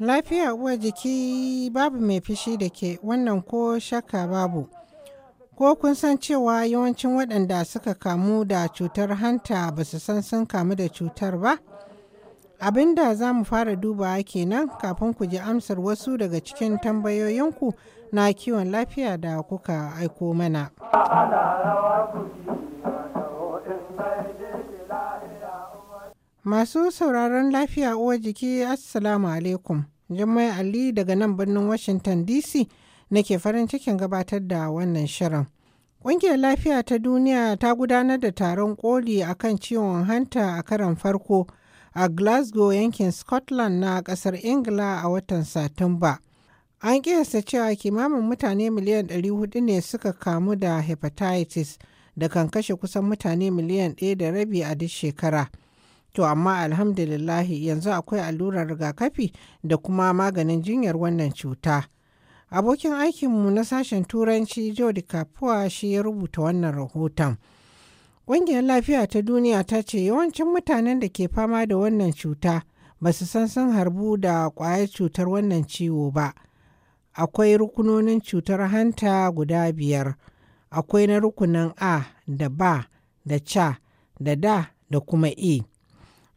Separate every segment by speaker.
Speaker 1: Lafiya uwar jiki babu mai fishi da ke wannan ko shakka babu. Ko kun san cewa yawancin waɗanda suka kamu da cutar hanta ba su san sun kamu da cutar ba? Abin da za mu fara dubawa kenan kafin ku ji amsar wasu daga cikin tambayoyinku na kiwon lafiya da kuka aiko mana. Masu sauraron lafiya uwa jiki Assalamu alaikum. Jummai Ali daga nan birnin Washington DC nake farin cikin gabatar da wannan shirin. Ƙungiyar lafiya ta duniya ta gudanar da taron koli akan ciwon hanta a karon farko. a Glasgow yankin Scotland na ƙasar Ingila a watan Satumba. An kiyasta cewa kimamin mutane miliyan 400 ne suka kamu da hepatitis da kan kashe kusan mutane miliyan ɗaya da rabi a duk shekara. To amma alhamdulillahi yanzu akwai allurar rigakafi da kuma maganin jinyar wannan cuta. Abokin aikinmu na sashen Turanci Jodi Kapuwa shi ya rubuta wannan rahoton. Ƙungiyar Lafiya ta Duniya ta ce yawancin mutanen da ke fama da wannan cuta ba su san sun harbu da ƙwayar cutar wannan ciwo ba. Akwai rukunonin cutar hanta guda biyar. Akwai na rukunin A da ba da ca da da da kuma E.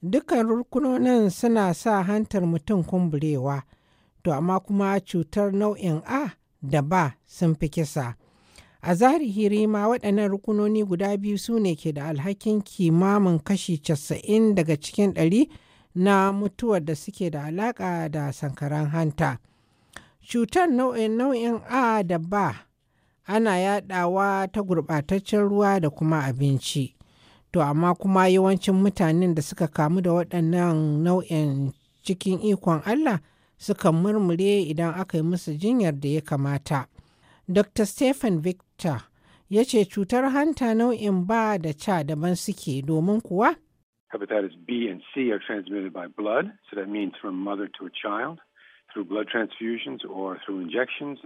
Speaker 1: Dukkan rukunonin suna sa hantar mutum kumburewa, to amma kuma cutar nau'in A da ba sun fi kisa. A zahiri ma waɗannan rukunoni guda biyu su ne ke da alhakin kimamin kashi 90 daga cikin ɗari na mutuwar da suke da alaƙa da sankaran hanta. Cutar nau'in A da ba ana yaɗawa ta gurɓataccen ruwa da kuma abinci. To amma kuma yawancin mutanen da suka kamu da waɗannan nau'in cikin ikon Allah suka murmure idan aka yi musu jinyar da ya kamata. dr stephen victor ya ce cutar hanta nau'in ba da ca daban suke domin kuwa
Speaker 2: hepatitis b and c are transmitted by blood so that means from mother to a child through blood transfusions or through injections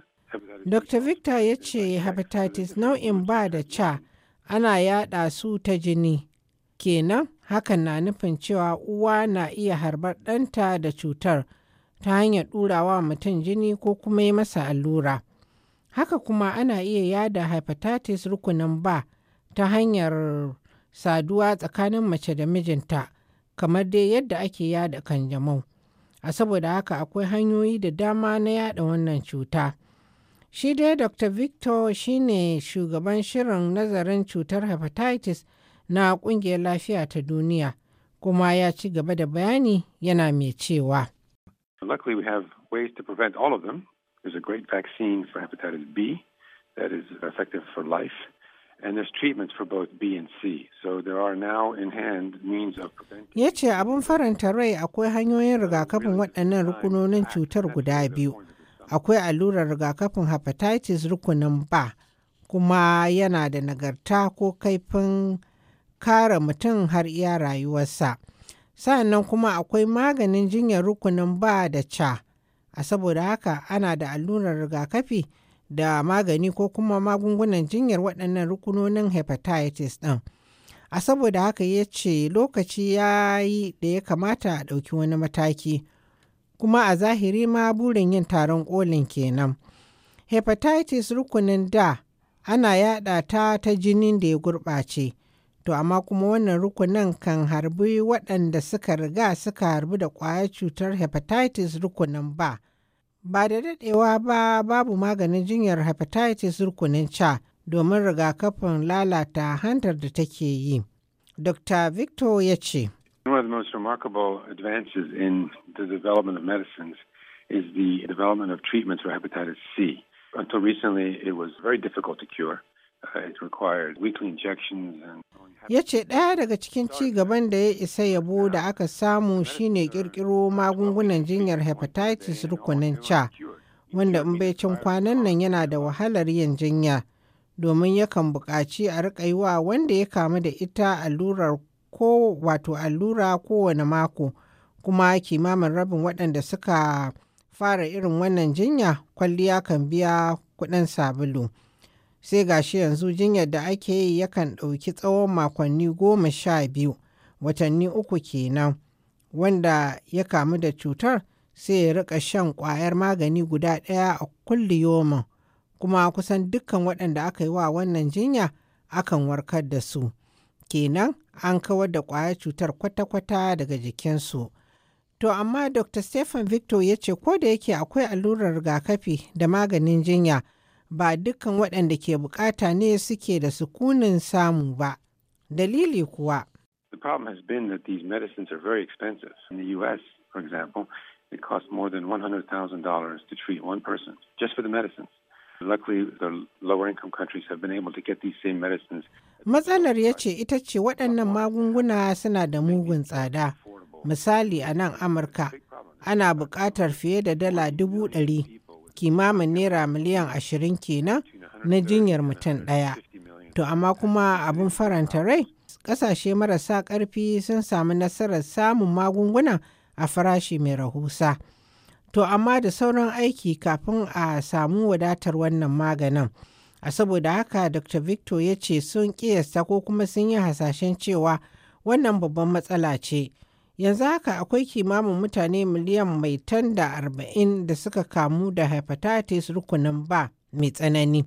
Speaker 1: dr victor ya ce hepatitis nau'in ba da ca ana yada su ta jini kenan hakan na nufin cewa uwa na iya harbar ɗanta da cutar ta hanyar ɗurawa mutum jini ko kuma yi masa allura Haka kuma ana iya yada hepatitis rukunin ba ta hanyar saduwa tsakanin mace da mijinta kamar dai yadda ake yada kanjamau. A saboda haka akwai hanyoyi da dama na yada wannan cuta. Shi dai Dr. Victor shine shugaban shirin nazarin cutar hepatitis na kungiyar lafiya ta duniya kuma ya ci gaba da bayani yana mai cewa.
Speaker 2: Luckily we have ways to prevent There's a great vaccine for hepatitis B that is effective for life. And there's treatments for both B and C. So there are now in hand means of
Speaker 1: preventing. Ya ce abin faranta rai akwai hanyoyin rigakafin waɗannan rukunonin cutar guda biyu. Akwai allurar rigakafin hepatitis rukunin ba kuma yana da nagarta ko kaifin kare mutum har iya rayuwarsa. Sa'annan kuma akwai maganin jinyar rukunin ba da ca a saboda haka ana da allurar rigakafi da magani ko kuma magungunan jinyar waɗannan rukunonin hepatitis ɗin a saboda haka ya ce lokaci ya yi da ya kamata a ɗauki wani mataki kuma a zahiri ma burin yin taron ƙolin kenan hepatitis rukunin da ana yada ta ta jinin da ya gurɓace to amma kuma wannan rukunin kan harbi waɗanda suka riga suka harbi da ƙwayar cutar hepatitis rukunin ba ba da daɗewa ba babu maganin jinyar hepatitis rukunin ca domin rigakafin lalata hantar da take yi dr victor ya ce
Speaker 2: One of the most remarkable advances in the development of medicines is the development of treatments for hepatitis C. Until recently, it was very difficult to cure. Uh,
Speaker 1: ya ce ɗaya daga cikin ci gaban da ya isa yabo da aka samu shine ƙirƙiro magungunan jinyar hepatitis rukunin ca, wanda in bai cin kwanan nan yana da wahalar yin jinya, domin yakan buƙaci a riƙa wanda ya kamu da ita allurar ko wato allura kowane mako, kuma kimamin rabin waɗanda suka fara irin wannan jinya kwalliya kan biya kuɗin sabulu. sai gashi yanzu jinyar da ake yi yakan ɗauki tsawon makonni goma sha biyu watanni uku kenan wanda ya kamu da cutar sai ya rika shan ƙwayar magani guda ɗaya a kulli yomin kuma kusan dukkan waɗanda aka yi wa wannan jinya akan warkar da su kenan an kawar da ƙwayar cutar kwata-kwata daga jikinsu. To amma Dr. Stephen Victor ya ce ko da yake akwai allurar rigakafi da maganin jinya ba dukkan waɗanda ke bukata ne suke da sukunin samu ba. Dalili kuwa.
Speaker 2: The problem has been that these medicines are very expensive. In the US, for example, it costs more than $100,000 to treat one person just for the medicines. Luckily, the lower income countries have been able to get these same medicines.
Speaker 1: Matsalar ya ce ita ce waɗannan magunguna suna da mugun tsada. Misali a nan Amurka, ana buƙatar fiye da dala dubu ɗari kimamin naira miliyan ashirin kenan na jinyar mutum ɗaya. To amma kuma abin faranta rai ƙasashe marasa ƙarfi sun samu nasarar samun magunguna a farashi mai rahusa. To amma da sauran aiki kafin a samu wadatar wannan maganin. A saboda haka Dr. Victor ya ce sun ƙiyasta ko kuma sun yi hasashen cewa wannan babban matsala ce. yanzu haka akwai kimamin mutane miliyan mai da arba'in da suka kamu da hepatitis rukunin ba mai tsanani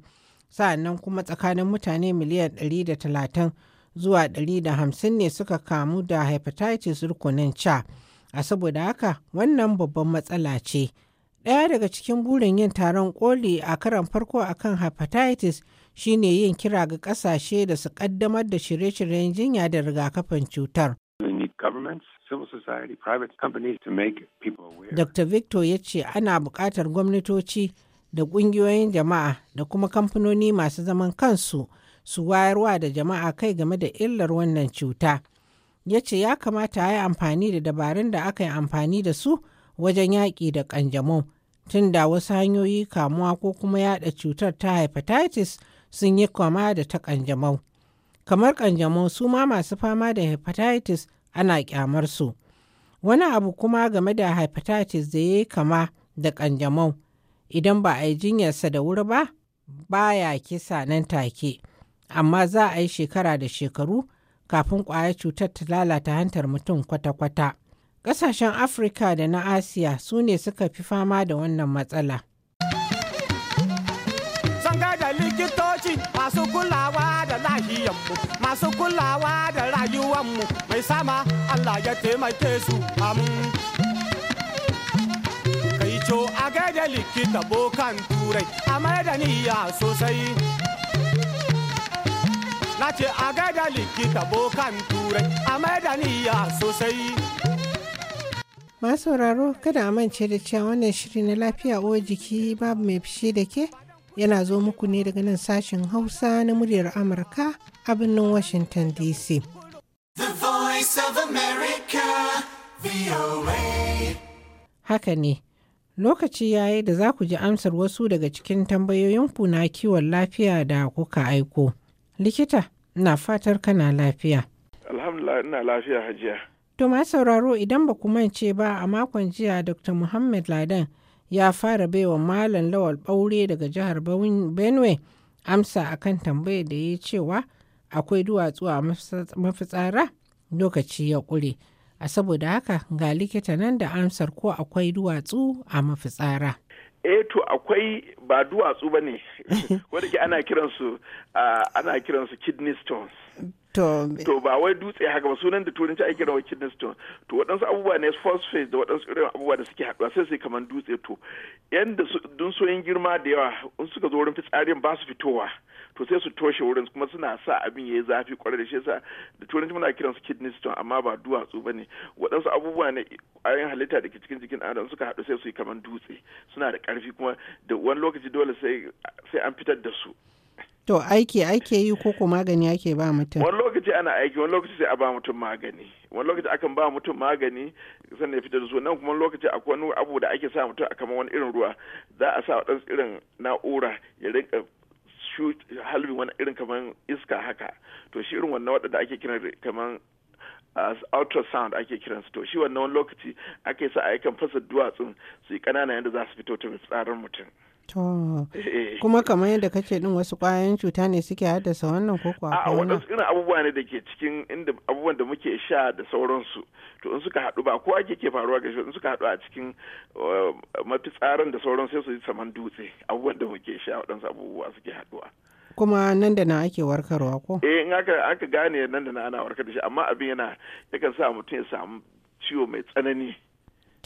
Speaker 1: sa'annan kuma tsakanin mutane miliyan 130 zuwa 150 ne suka kamu da hepatitis rukunin ca a saboda haka wannan babban matsala ce ɗaya daga cikin burin yin taron koli a karan farko a kan hepatitis shine yin kira ga ƙasashe da su ƙaddamar da shirye-shiryen jinya da rigakafin cutar.
Speaker 2: governments, civil society, private companies to make people
Speaker 1: aware. Dr. Victor ya ce ana buƙatar gwamnatoci da ƙungiyoyin jama'a da kuma kamfanoni masu zaman kansu su wayarwa da jama'a kai game da illar wannan cuta. Ya ce ya kamata a yi amfani da dabarun da aka yi amfani da su wajen yaƙi da ƙanjamau tun da wasu hanyoyi kamuwa ko kuma yaɗa cutar ta hepatitis sun yi kama da ta ƙanjamau. Kamar ƙanjamau su ma masu fama da hepatitis ana kyamar su wani abu kuma game da hepatitis da ya kama da kanjamau idan ba a yi jinyarsa da wuri ba baya kisa nan take amma za a yi shekara da shekaru kafin kwayar cutar ta lalata hantar mutum kwata-kwata ƙasashen afirka da na asiya su ne suka fi fama da wannan matsala masu kulawa da lahiyanmu masu kulawa da rayuwanmu mai sama Allah ya taimake su amin kai co a gaida likita bokan turai a da niyya sosai na ce a gaida likita bokan turai a da niyya sosai masu sauraro kada a da cewa wannan shiri na lafiya o jiki babu mai fishi da ke yana zo muku ne daga nan sashen hausa na muryar amurka a birnin washington dc haka ne lokaci yayi da za ku ji amsar wasu daga cikin tambayoyinku na kiwon lafiya da kuka aiko likita na fatar kana lafiya
Speaker 3: alhamdulillah ina lafiya hajiya
Speaker 1: to ma sauraro idan ba ku mance ba a makon jiya dr muhammad ladan ya fara baiwa Malam Lawal Ɓaure daga jihar Benue amsa akan tambayar da ya cewa akwai duwatsu a mafitsara lokaci ya ƙure. A saboda haka ga likita nan da amsar ko akwai duwatsu a mafitsara. eh to akwai
Speaker 3: ba duwatsu ba ne wadda ke ana kiransu ah, ana kidney stones
Speaker 1: to
Speaker 3: ba wai dutse haka ba sunan da turanci ake rawa kidney stone to waɗansu abubuwa ne phosphate da waɗansu irin abubuwa da suke haɗuwa sai sai kamar dutse to yanda dunsoyin girma da yawa in suka zo wurin fitsarin ba su fitowa to sai su toshe wurin kuma suna sa abin ya zafi kwarai da shi yasa da turanci muna kiransu kidney stone amma ba duwatsu ba ne waɗansu abubuwa ne ayin halitta da ke cikin jikin adam suka haɗu sai su yi kamar dutse suna da ƙarfi kuma da wani lokaci dole sai an fitar da su
Speaker 1: To aiki ake yi ko ko magani ake ba mutum? Wani
Speaker 3: lokaci ana aiki, wani lokaci sai a ba mutum magani. Wani lokaci akan ba mutum magani sannan ya fita da su nan kuma lokaci akwai wani abu da ake sa mutum a kamar wani irin ruwa. Za a sa wadansu irin na'ura ya rinka halbin wani irin kamar iska haka. To shi irin wannan wadanda ake kiran kamar as ultrasound ake kiransu to shi wannan lokaci ake sa a yakan fasa duwatsun su yi ƙanana yadda za su fito ta tsarin mutum.
Speaker 1: Eh. Kuma kamar yadda kace din wasu kwayoyin cuta ne suke haddasa wannan ko kuwa A waɗansu irin
Speaker 3: abubuwa ne da ke cikin inda abubuwan da muke sha da sauransu. To in suka haɗu ba ko ake ke faruwa ga shi in suka haɗu a cikin eh, mafitsarin da sauran sai su yi saman dutse abubuwan da muke sha waɗansu abubuwa suke haɗuwa.
Speaker 1: kuma nan da na ake warkarwa ko
Speaker 3: eh in aka aka gane nan da na ana warkar da shi amma abin yana yakan sa mutum ya samu ciwo mai tsanani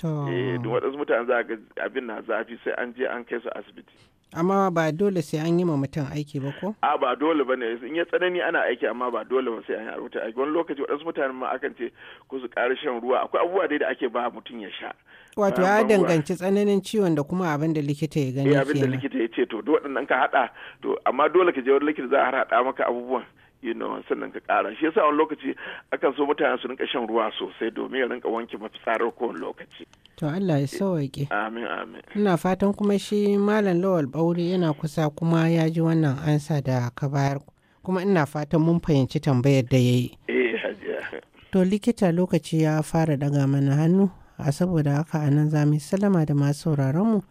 Speaker 1: eh da
Speaker 3: waɗansu mutane za ga abin na zafi sai an je an kai su asibiti
Speaker 1: amma ba dole sai an yi ma mutum aiki ba ko
Speaker 3: a ba dole ba ne in ya tsanani ana aiki amma ba dole ba sai an yi rubuta aiki wani lokaci waɗansu mutane ma akan ce ku su ƙara shan ruwa akwai abubuwa dai da ake ba mutum ya sha wato ya danganci
Speaker 1: tsananin ciwon da kuma abin da likita ya gani ya eh, abin da
Speaker 3: likita ya ce to duk waɗannan ka haɗa to amma dole ka je wani likita za a haɗa maka abubuwan you know sannan ka ƙara shi yasa wani lokaci akan so mutane su rinka shan ruwa sosai domin ya rinka wanke mafitsarar
Speaker 1: kowane lokaci to Allah ya sauwaƙe amin amin ina fatan kuma shi malam lawal bauri yana kusa kuma ya ji wannan ansa da ka bayar kuma ina fatan mun fahimci tambayar da ya yi
Speaker 3: eh
Speaker 1: to likita lokaci ya fara daga mana hannu a saboda haka a nan za mu salama da masu mu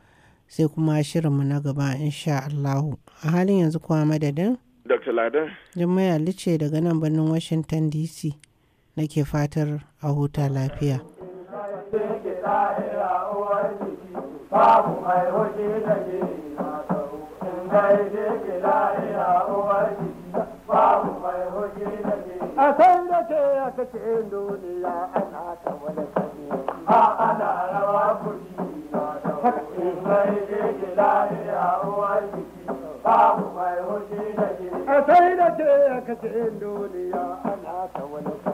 Speaker 1: sai kuma shirinmu na gaba insha Allahu a halin yanzu kuma madadin
Speaker 3: Dr. Ladan.
Speaker 1: Lice daga nan birnin Washington DC nake fatar a huta lafiya.
Speaker 2: A sai da ke aka ce duniya ana ta wani sani, a ana rawa kuri na da wani mai ke gila uwar jiki, babu mai hoji da ke ka sai da ce ka ce duniya ana ta wani